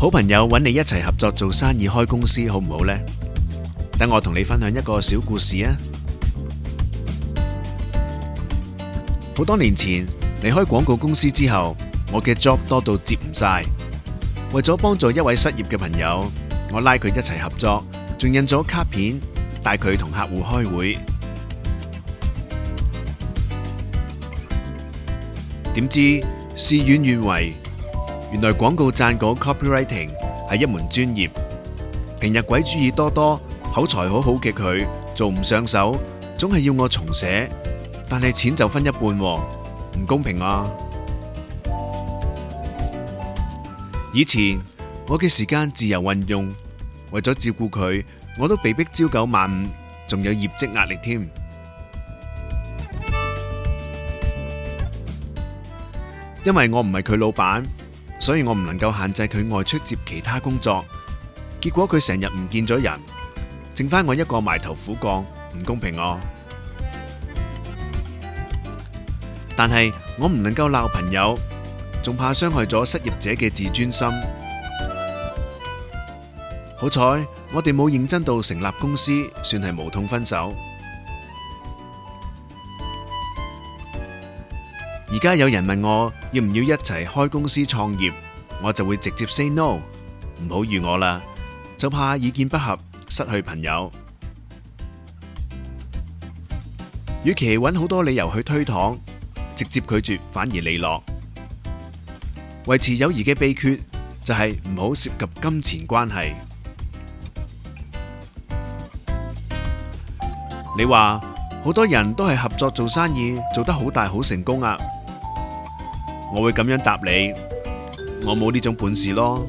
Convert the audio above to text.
好朋友搵你一齊合作做生意開公司好唔好呢？等我同你分享一個小故事啊！好多年前離開廣告公司之後，我嘅 job 多到接唔晒。為咗幫助一位失業嘅朋友，我拉佢一齊合作，仲印咗卡片，帶佢同客戶開會。點知事與願違。原來廣告撰稿 copywriting 係一門專業，平日鬼主意多多、口才好好嘅佢做唔上手，總係要我重寫，但係錢就分一半，啊，唔公平啊！以前我嘅時間自由運用，為咗照顧佢，我都被逼朝九晚五，仲有業績壓力添，因為我唔係佢老闆。所以我唔能夠限制佢外出接其他工作，結果佢成日唔見咗人，剩翻我一個埋頭苦幹，唔公平我。但係我唔能夠鬧朋友，仲怕傷害咗失業者嘅自尊心。好彩我哋冇認真到成立公司，算係無痛分手。而家有人問我要唔要一齊開公司創業，我就會直接 say no，唔好預我啦，就怕意見不合，失去朋友。與其揾好多理由去推搪，直接拒絕反而利落。維持友誼嘅秘訣就係唔好涉及金錢關係。你話好多人都係合作做生意，做得好大好成功啊！我會咁樣答你，我冇呢種本事囉。